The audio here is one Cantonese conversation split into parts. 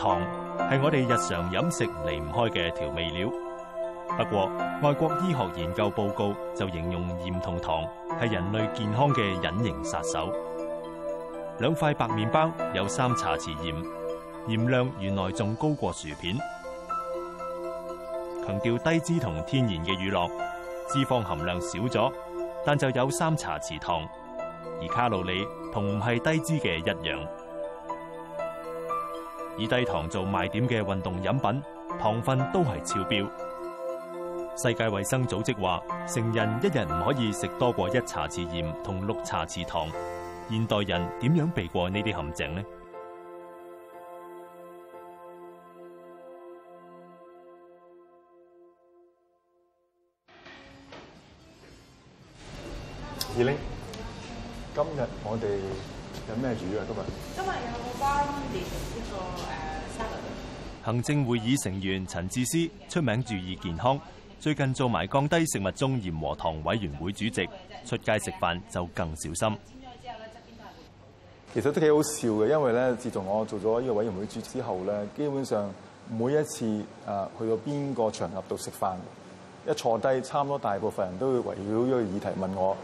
糖係我哋日常飲食離唔開嘅調味料，不過外國醫學研究報告就形容鹽同糖係人類健康嘅隱形殺手。兩塊白麵包有三茶匙鹽，鹽量原來仲高過薯片。強調低脂同天然嘅乳酪，脂肪含量少咗，但就有三茶匙糖，而卡路里同唔係低脂嘅一樣。以低糖做賣點嘅運動飲品，糖分都係超標。世界衛生組織話，成人一日唔可以食多過一茶匙鹽同六茶匙糖。現代人點樣避過呢啲陷阱呢？依家，今日我哋。有咩煮啊？今日今日有關連呢個誒沙律啊？行政會議成員陳智思出名注意健康，最近做埋降低食物中鹽和糖委員會主席，出街食飯就更小心。其實都幾好笑嘅，因為咧，自從我做咗呢個委員會主席之後咧，基本上每一次誒去到邊個場合度食飯，一坐低，差唔多大部分人都會圍繞呢個議題問我。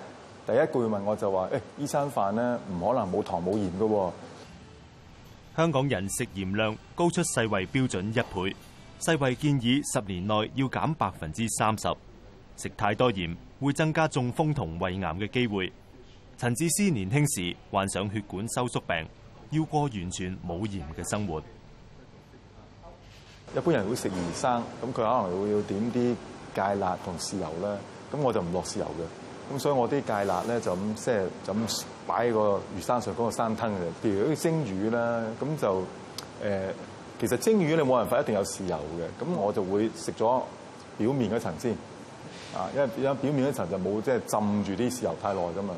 第一句會問我就話：誒、欸，依餐飯咧唔可能冇糖冇鹽嘅喎、啊。香港人食鹽量高出世衛標準一倍，世衛建議十年內要減百分之三十。食太多鹽會增加中風同胃癌嘅機會。陳智思年輕時患上血管收縮病，要過完全冇鹽嘅生活。一般人會食魚生，咁佢可能會要點啲芥辣同豉油咧，咁我就唔落豉油嘅。咁所以我啲芥辣咧就咁即係就咁擺喺個魚山上嗰個山燴嘅，譬如嗰啲蒸魚啦，咁就誒其實蒸魚你冇人發一定有豉油嘅，咁我就會食咗表面嗰層先，啊，因為因為表面嗰層就冇即係浸住啲豉油太耐㗎嘛。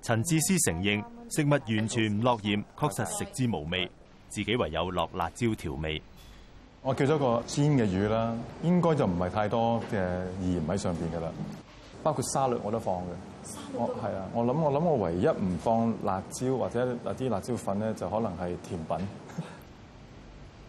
陳智思承認食物完全唔落鹽，確實食之無味，自己唯有落辣椒調味。我叫咗個煎嘅魚啦，應該就唔係太多嘅鹽喺上邊㗎喇。包括沙律我都放嘅，我係啊。我諗我諗，我唯一唔放辣椒或者辣啲辣椒粉咧，就可能係甜品。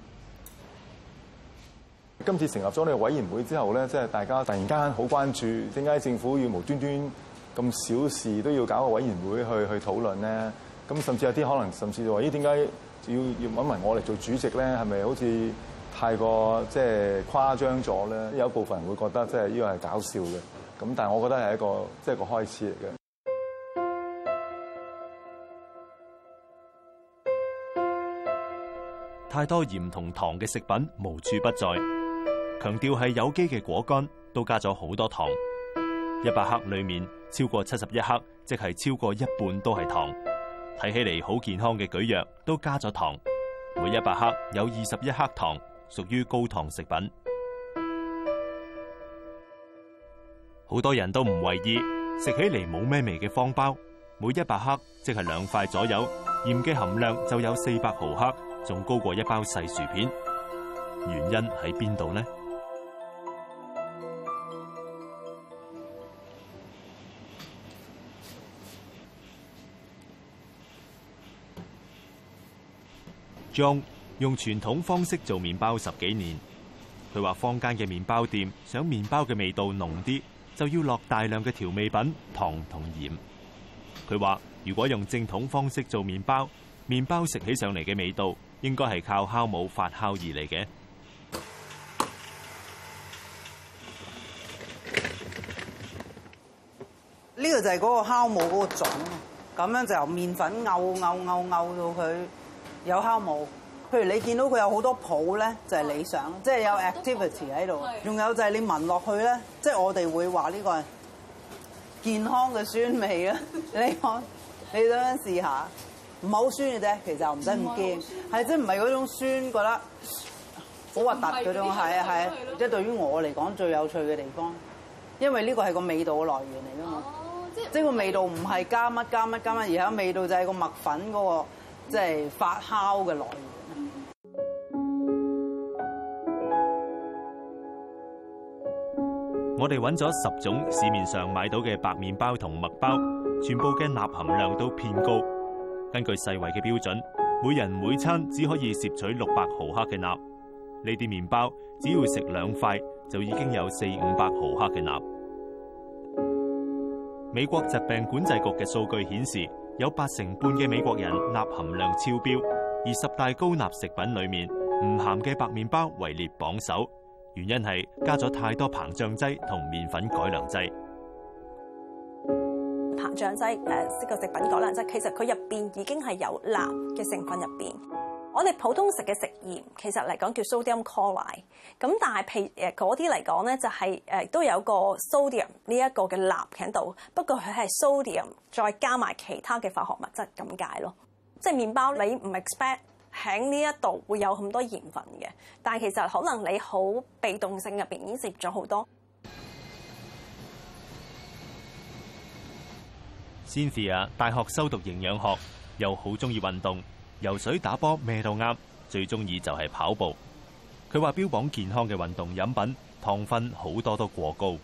今次成立咗呢個委員會之後咧，即係大家突然間好關注，點解政府要無端端咁小事都要搞個委員會去去討論咧？咁甚至有啲可能，甚至就話：咦，點解要要搵埋我嚟做主席咧？係咪好似？太過即係誇張咗咧，有部分人會覺得即係呢個係搞笑嘅。咁但係我覺得係一個即係、就是、個開始嚟嘅。太多鹽同糖嘅食品無處不在。強調係有機嘅果乾都加咗好多糖，一百克裡面超過七十一克，即係超過一半都係糖。睇起嚟好健康嘅蒟蒻都加咗糖，每一百克有二十一克糖。屬於高糖食品，好多人都唔為意，食起嚟冇咩味嘅方包每，每一百克即係兩塊左右，鹽嘅含量就有四百毫克，仲高過一包細薯片。原因喺邊度呢？將用傳統方式做麵包十幾年，佢話坊間嘅麵包店想麵包嘅味道濃啲，就要落大量嘅調味品糖同鹽。佢話，如果用正統方式做麵包，麵包食起上嚟嘅味道應該係靠酵母發酵而嚟嘅。呢個就係嗰個酵母嗰個種，咁樣就由麵粉漚漚漚漚到佢有酵母。譬如你見到佢有好多泡咧，就係理想，嗯、即係有 activity 喺度。仲有就係你聞落去咧，即、就、係、是、我哋會話呢個係健康嘅酸味啦。你、嗯、講，嗯、 你想等試下，唔好酸嘅啫。其實唔使咁驚，係即係唔係嗰種酸覺得好核突嗰種。係啊係啊，即係對於我嚟講最有趣嘅地方，因為呢個係個味道嘅來源嚟㗎嘛。即係個味道唔係加乜加乜加乜，而係味道就係個麥粉嗰、那個即係、就是、發酵嘅來源。我哋揾咗十種市面上買到嘅白麵包同麥包，全部嘅鈉含量都偏高。根據世衞嘅標準，每人每餐只可以攝取六百毫克嘅鈉。呢啲麵包只要食兩塊，就已經有四五百毫克嘅鈉。美國疾病管制局嘅數據顯示，有八成半嘅美國人鈉含量超標，而十大高鈉食品裡面，唔鹹嘅白麵包位列榜首。原因係加咗太多膨脹劑同麵粉改良劑。膨脹劑誒，食個食品改良劑，其實佢入邊已經係有鈉嘅成分入邊。我哋普通食嘅食鹽，其實嚟講叫 sodium chloride。咁但係譬誒嗰啲嚟講咧，就係誒都有個 sodium 呢一個嘅鈉喺度。不過佢係 sodium 再加埋其他嘅化學物質咁解咯。即係麵包你唔 expect。喺呢一度會有咁多鹽分嘅，但係其實可能你好被動性入邊已經食咗好多。Cynthia，大學修讀營養學，又好中意運動，游水打、打波咩都啱，最中意就係跑步。佢話標榜健康嘅運動飲品，糖分好多都過高。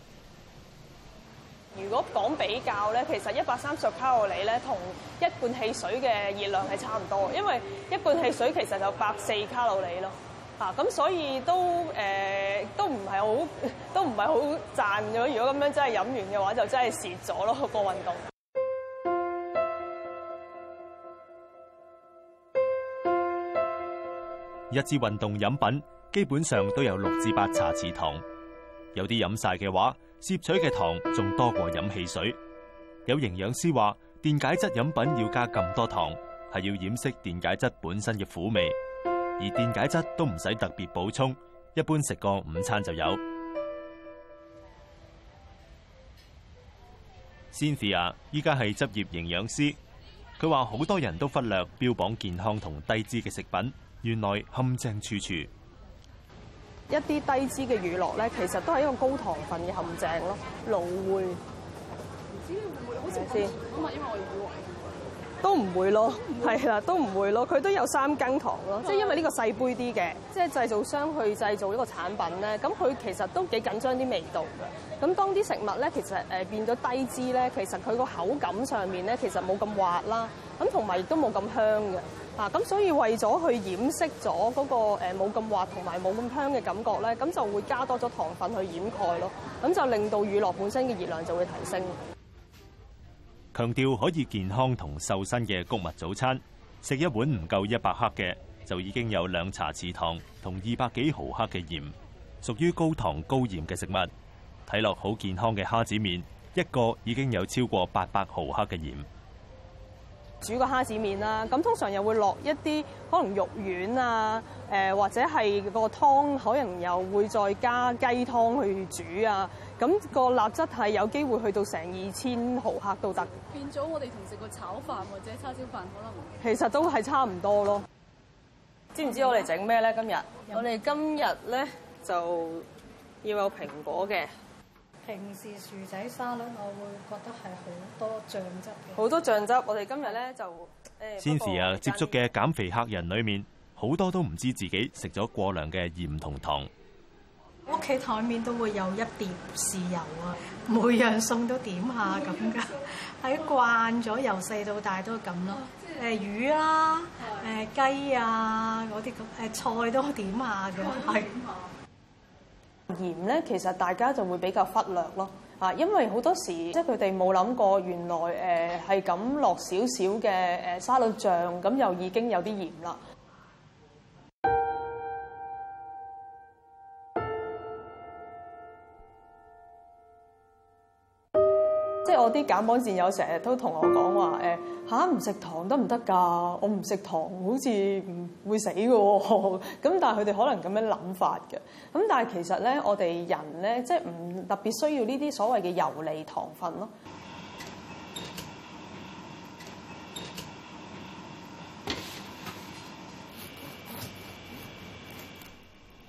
如果講比較咧，其實一百三十卡路里咧，同一罐汽水嘅熱量係差唔多，因為一罐汽水其實就百四卡路里咯。嚇、啊，咁所以都誒、呃，都唔係好，都唔係好賺咗。如果咁樣真係飲完嘅話，就真係蝕咗咯個運動。一支運動飲品基本上都有六至八茶匙糖，有啲飲曬嘅話，攝取嘅糖仲多過飲汽水，有營養師話，電解質飲品要加咁多糖，係要掩飾電解質本身嘅苦味，而電解質都唔使特別補充，一般食個午餐就有。Cynthia，依家係執業營養師，佢話好多人都忽略標榜健康同低脂嘅食品，原來陷阱處處。一啲低脂嘅乳酪咧，其實都係一個高糖分嘅陷阱咯。蘆薈，唔知會唔會好食先。咁啊，因為我以為。都唔會咯，係啦，都唔會咯。佢都有三羹糖咯，即係因為呢個細杯啲嘅，即係製造商去製造呢個產品咧，咁佢其實都幾緊張啲味道嘅。咁當啲食物咧，其實誒變咗低脂咧，其實佢個口感上面咧，其實冇咁滑啦，咁同埋亦都冇咁香嘅。啊，咁所以為咗去掩飾咗嗰個誒冇咁滑同埋冇咁香嘅感覺咧，咁就會加多咗糖分去掩蓋咯，咁就令到乳酪本身嘅熱量就會提升。強調可以健康同瘦身嘅谷物早餐，食一碗唔夠一百克嘅，就已經有兩茶匙糖同二百幾毫克嘅鹽，屬於高糖高鹽嘅食物。睇落好健康嘅蝦子麵，一個已經有超過八百毫克嘅鹽。煮個蝦子麵啦，咁通常又會落一啲可能肉丸啊，呃、或者係個湯，可能又會再加雞湯去煮啊，咁、那個鈉質係有機會去到成二千毫克都得。變咗我哋同食個炒飯或者叉燒飯可能。其實都係差唔多咯。知唔知我哋整咩咧？今日我哋今日咧就要有蘋果嘅。平時薯仔沙律，我會覺得係好多醬汁嘅。好多醬汁，我哋今日咧就。先時啊，接觸嘅減肥客人裏面，好多都唔知自己食咗過量嘅鹽同糖。屋企台面都會有一碟豉油啊，每樣餸都點下咁噶，喺慣咗，由細到大都咁咯。誒魚啦、啊，誒雞啊，嗰啲咁誒菜都點下嘅，係。鹽咧，其實大家就會比較忽略咯，啊，因為好多時即係佢哋冇諗過，原來誒係咁落少少嘅誒沙律醬，咁又已經有啲鹽啦。我啲減磅戰友成日都同我講話，誒嚇唔食糖得唔得㗎？我唔食糖好似唔會死嘅咁， 但係佢哋可能咁樣諗法嘅咁。但係其實咧，我哋人咧即係唔特別需要呢啲所謂嘅油膩糖分咯。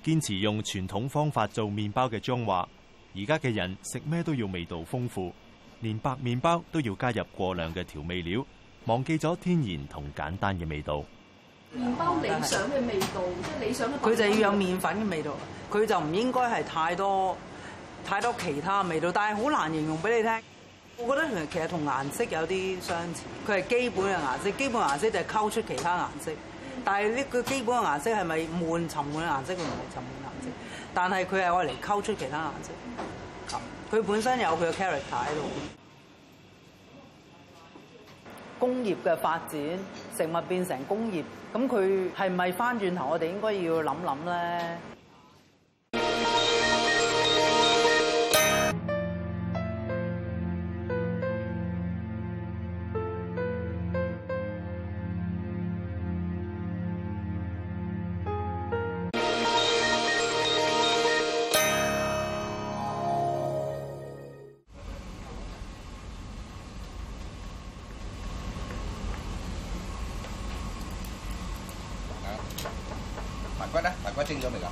堅持用傳統方法做麵包嘅張華，而家嘅人食咩都要味道豐富。連白麵包都要加入過量嘅調味料，忘記咗天然同簡單嘅味道。麵包理想嘅味道，即係理想。佢就要有麵粉嘅味道，佢就唔應該係太多太多其他味道。但係好難形容俾你聽。我覺得其實同顏色有啲相似，佢係基本嘅顏色，基本顏色就係溝出其他顏色。但係呢個基本嘅顏色係咪悶沉悶嘅顏色？佢唔係沉悶顏色？但係佢係為嚟溝出其他顏色。佢本身有佢嘅 character 喺度，工業嘅發展，食物變成工業，咁佢係咪翻轉頭我哋應該要諗諗咧？味清咗未㗎？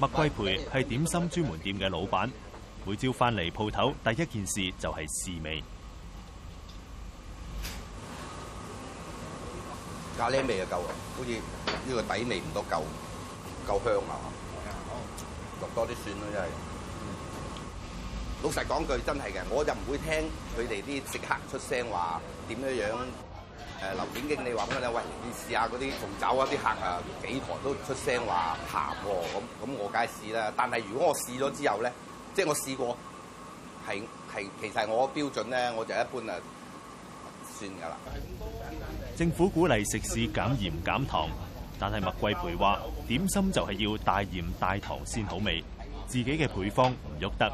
麥桂培係點心專門店嘅老闆，每朝翻嚟鋪頭第一件事就係試味。咖喱味啊夠，好似呢個底味唔多夠，夠香啊嘛。落多啲蒜咯，真係。老實講句，真係嘅，我就唔會聽佢哋啲食客出聲話點嘅樣。誒，樓頂經理話咁樣，喂，你試下嗰啲鳳爪啊，啲客啊幾台都出聲話鹹喎。咁咁我梗係試啦。但係如果我試咗之後咧，即係我試過係係，其實係我嘅標準咧，我就一般啊算㗎啦。政府鼓勵食肆減鹽減糖，但係麥桂培話點心就係要大鹽大糖先好味，自己嘅配方唔喐得。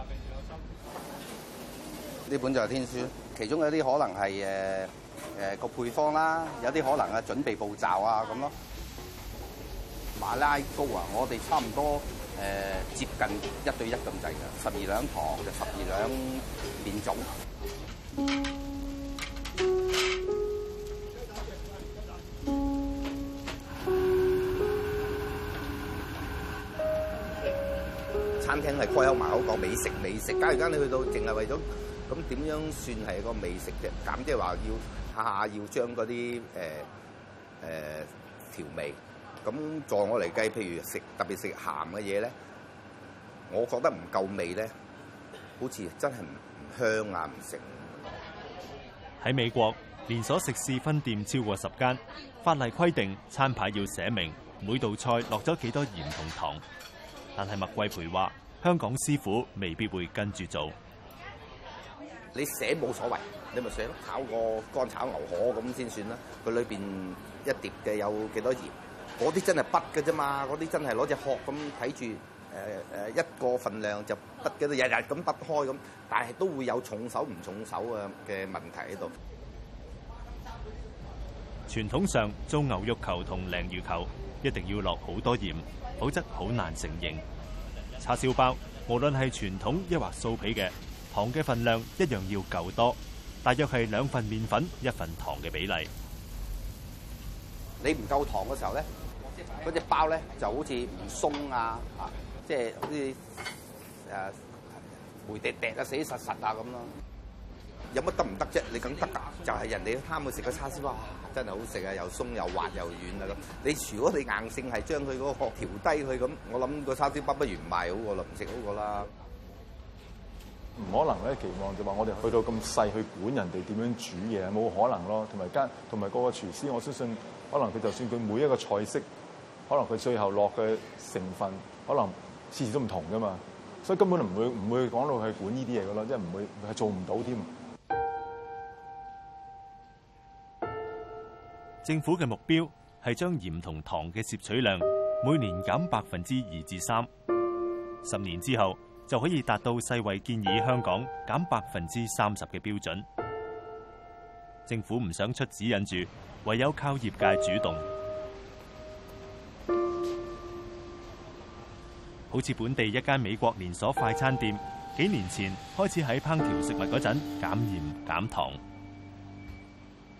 呢本就係天書，其中有啲可能係誒。誒個配方啦，有啲可能嘅準備步驟啊，咁咯。馬拉糕啊，我哋差唔多誒接近一對一咁滯嘅，十二兩糖就十二兩麵種。餐廳係開口埋口講美食美食，假如而家你去到淨係為咗咁點樣算係個美食啫？咁即係話要。下要將嗰啲誒誒調味，咁在我嚟計，譬如食特別食鹹嘅嘢咧，我覺得唔夠味咧，好似真係唔香啊，唔食。喺美國，連鎖食肆分店超過十間，法例規定餐牌要寫明每道菜落咗幾多鹽同糖，但係麥桂培話，香港師傅未必會跟住做。你寫冇所謂，你咪寫咯。炒個乾炒牛河咁先算啦。佢裏邊一碟嘅有幾多鹽？嗰啲真係筆嘅啫嘛。嗰啲真係攞隻殼咁睇住。誒誒，一個份量就筆嘅啦，日日咁筆開咁。但係都會有重手唔重手嘅嘅問題喺度。傳統上做牛肉球同鯪魚球一定要落好多鹽，否則好難成型。叉燒包無論係傳統抑或素皮嘅。糖嘅份量一樣要夠多，大約係兩份麵粉一份糖嘅比例。你唔夠糖嘅時候咧，嗰隻包咧就好似唔鬆啊，即係好似誒梅滴滴啊，死實實啊咁咯。有乜得唔得啫？你梗得噶，就係人哋貪佢食個叉燒包，真係好食啊，又鬆又滑又軟啊咁。你如果你硬性係將佢嗰個調低佢咁，我諗個叉燒包不如唔賣好過啦，唔食好過啦。唔可能咧，期望就話我哋去到咁細去管人哋點樣煮嘢，冇可能咯。同埋間同埋個廚師我相信可能佢就算佢每一個菜式，可能佢最後落嘅成分，可能次次都唔同噶嘛。所以根本就唔會唔會講到去管呢啲嘢噶咯即係唔會，係做唔到添。政府嘅目標係將鹽同糖嘅攝取量每年減百分之二至三，十年之後，就可以達到世衞建議香港減百分之三十嘅標準。政府唔想出指引住，唯有靠業界主動。好似本地一間美國連鎖快餐店，幾年前開始喺烹調食物嗰陣減鹽減糖。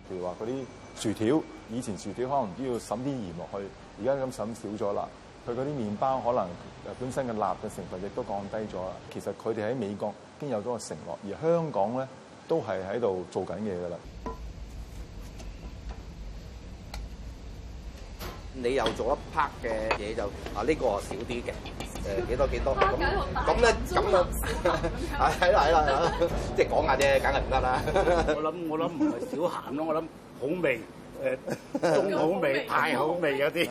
譬如話嗰啲薯條，以前薯條可能都要糝啲鹽落去，而家咁糝少咗啦。佢嗰啲麵包可能誒本身嘅鹹嘅成分亦都降低咗啦。其實佢哋喺美國已經有咗個承諾，而香港咧都係喺度做緊嘢㗎喇。你又做一 part 嘅嘢，就啊呢個少啲嘅誒幾多幾多咁咁咧咁，啊係啦係啦，即係講下啫，梗係唔得啦。我諗我諗唔係少鹹咯，我諗好味。誒中好味太好味嗰啲，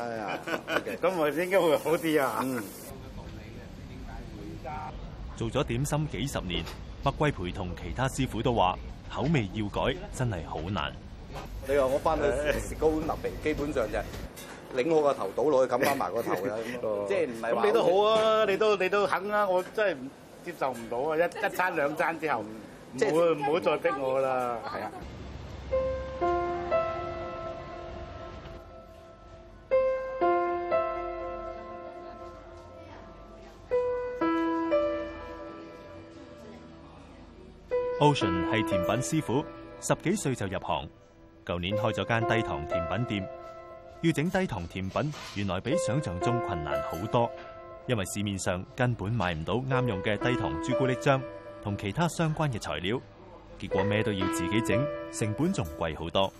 咁我應該會好啲啊！嗯。做咗點心幾十年，麥貴培同其他師傅都話，口味要改真係好難。你話我翻去食嗰碗臘味，基本上就係擰我個頭倒落去，冚翻埋個頭啦咁咯。即係唔係話你都好啊？你都你都肯啊？我真係唔接受唔到啊！一一餐兩餐之後唔唔會唔好再逼我啦，係啊。Motion 係甜品師傅，十幾歲就入行。舊年開咗間低糖甜品店，要整低糖甜品，原來比想象中困難好多，因為市面上根本買唔到啱用嘅低糖朱古力漿同其他相關嘅材料。結果咩都要自己整，成本仲貴好多。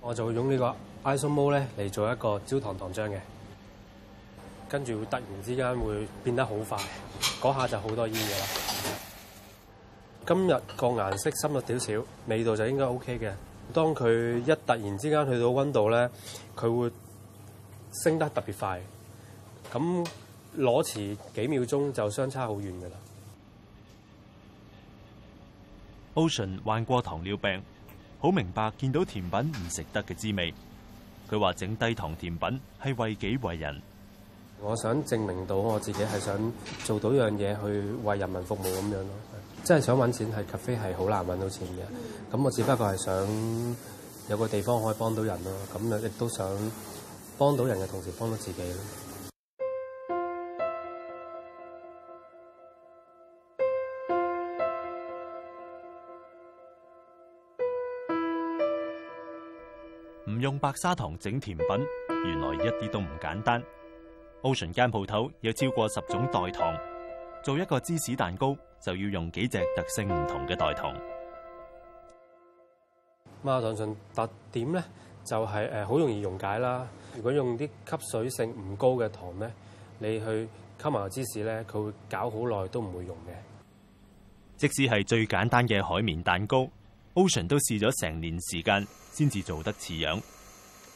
我就會用呢個 Isomalt 嚟做一個焦糖糖漿嘅。跟住會突然之間會變得好快，嗰下就好多煙噶啦。今日個顏色深咗少少，味道就應該 OK 嘅。當佢一突然之間去到溫度咧，佢會升得特別快。咁攞遲幾秒鐘就相差好遠噶啦。Ocean 患過糖尿病，好明白見到甜品唔食得嘅滋味。佢話整低糖甜品係為己為人。我想證明到我自己係想做到一樣嘢去為人民服務咁樣咯，真係想揾錢係 cafe 係好難揾到錢嘅，咁我只不過係想有個地方可以幫到人咯，咁樣亦都想幫到人嘅同時幫到自己咯。唔用白砂糖整甜品，原來一啲都唔簡單。Ocean 間鋪頭有超過十種代糖，做一個芝士蛋糕就要用幾隻特性唔同嘅代糖。馬糖醇特點咧就係誒好容易溶解啦。如果用啲吸水性唔高嘅糖咧，你去吸埋個芝士咧，佢會搞好耐都唔會溶嘅。即使係最簡單嘅海綿蛋糕，Ocean 都試咗成年時間先至做得似樣。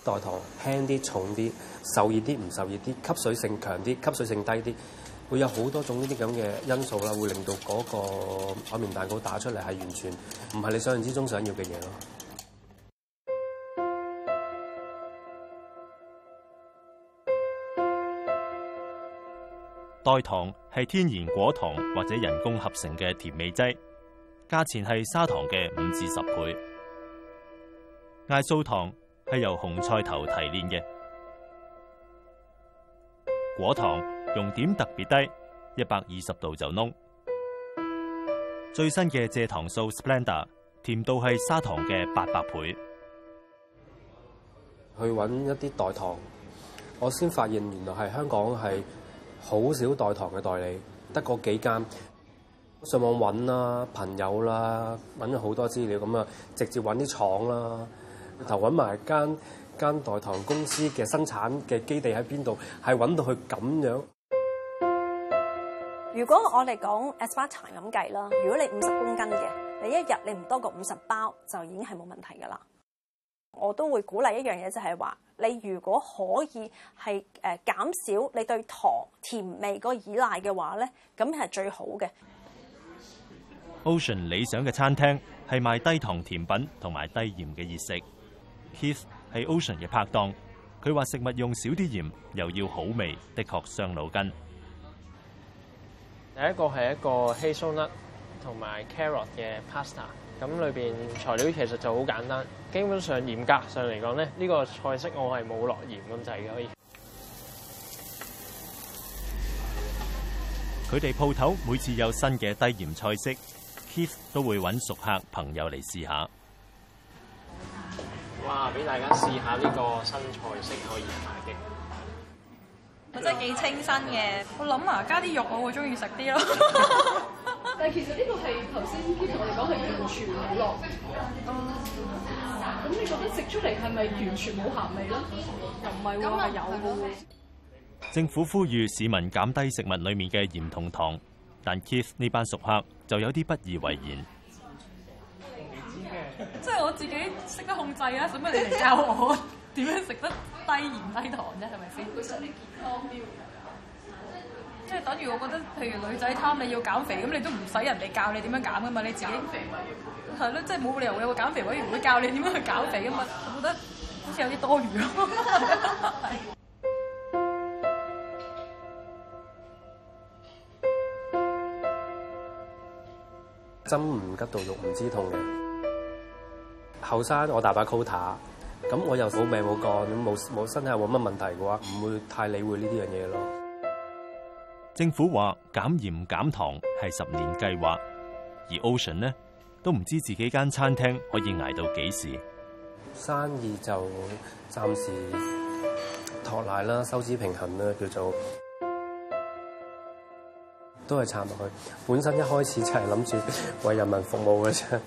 代糖輕啲、重啲、受熱啲、唔受熱啲、吸水性強啲、吸水性低啲，會有好多種呢啲咁嘅因素啦，會令到嗰個海綿蛋糕打出嚟係完全唔係你想像之中想要嘅嘢咯。代糖係天然果糖或者人工合成嘅甜味劑，價錢係砂糖嘅五至十倍。艾素糖。係由紅菜頭提煉嘅果糖，熔點特別低，一百二十度就燶。最新嘅蔗糖素 Splenda，甜度係砂糖嘅八百倍。去揾一啲代糖，我先發現原來係香港係好少代糖嘅代理，得嗰幾間。上網揾啦、啊，朋友啦、啊，揾咗好多資料，咁啊，直接揾啲廠啦。頭揾埋間間代糖公司嘅生產嘅基地喺邊度？係揾到佢咁樣。如果我哋講 aspartame 咁計啦，如果你五十公斤嘅，你一日你唔多過五十包就已經係冇問題噶啦。我都會鼓勵一樣嘢，就係話你如果可以係誒減少你對糖甜味個依賴嘅話咧，咁係最好嘅。Ocean 理想嘅餐廳係賣低糖甜品同埋低鹽嘅熱食。Keith 係 Ocean 嘅拍檔，佢話食物用少啲鹽又要好味，的確傷腦筋。第一個係一個黑松 Nut 同埋 Carrot 嘅 Pasta，咁裏邊材料其實就好簡單。基本上嚴格上嚟講呢，呢、呢個菜式我係冇落鹽咁滯嘅。可以佢哋鋪頭每次有新嘅低鹽菜式，Keith 都會揾熟客朋友嚟試下。啊！俾大家試下呢個新菜式可以買嘅，我真係幾清新嘅。我諗啊，加啲肉我會中意食啲咯。但係其實呢個係頭先 Keith，我我講係完全冇落。咁、嗯嗯嗯、你覺得食出嚟係咪完全冇鹹味咯，嗯？又唔係喎，有。政府呼籲市民減低食物裡面嘅鹽同糖，但 Keith 呢班熟客就有啲不以為然。 即係我自己識得控制啊！使乜你嚟教我點樣食得低鹽低糖啫？係咪先？即 係等於我覺得，譬如女仔貪你要減肥，咁你都唔使人哋教你點樣減噶嘛？你自己肥係咯， 即係冇理由會有個減肥委員會教你點樣去減肥噶嘛？我覺得好似有啲多餘咯。 針唔吉到肉唔知痛嘅。後生，我大把 quota，咁我又冇命冇幹，冇冇身體冇乜問題嘅話，唔會太理會呢啲樣嘢咯。政府話減鹽減糖係十年計劃，而 Ocean 呢都唔知自己間餐廳可以挨到幾時。生意就暫時托賴啦，收支平衡啦，叫做都係撐落去。本身一開始就係諗住為人民服務嘅啫。